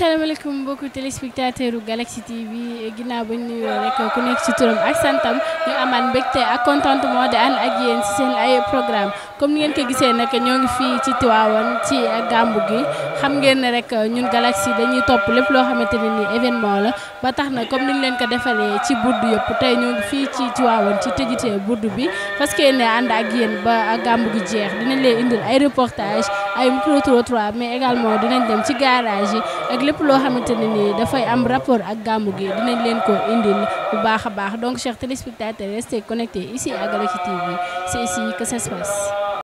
asalaamaaleykum mbokki téléspectateur Galaxy TV ginnaaw ba ñu nuyoo rek ku nekk ci turam ak santam ñu amaat mbégte ak contentement di ànd ak yéen ci seen ay programme comme ni ngeen ko gisee nag ñoo ngi fii ci Tivaouane ci gàmbu gi xam ngeen ne rek ñun Galaxy dañuy topp lépp loo xamante ne nii événement la ba tax na comme ni ñu leen ko defalee ci burdu yëpp tey ñoo ngi fii ci Tivaouane ci tëjitee burdu bi parce que ne ànd ak yéen ba ak gàmbu gi jeex dinañ leen indil ay reportage ay micro-trottoir mais également dinañ dem ci garage yi ak lépp loo xamante ne nii dafay am rapport ak gàmmu gi dinañ leen ko indi bu baax a baax donc chers téléspectateurs restez connectés ici à Galaxy TV c'est ici que ça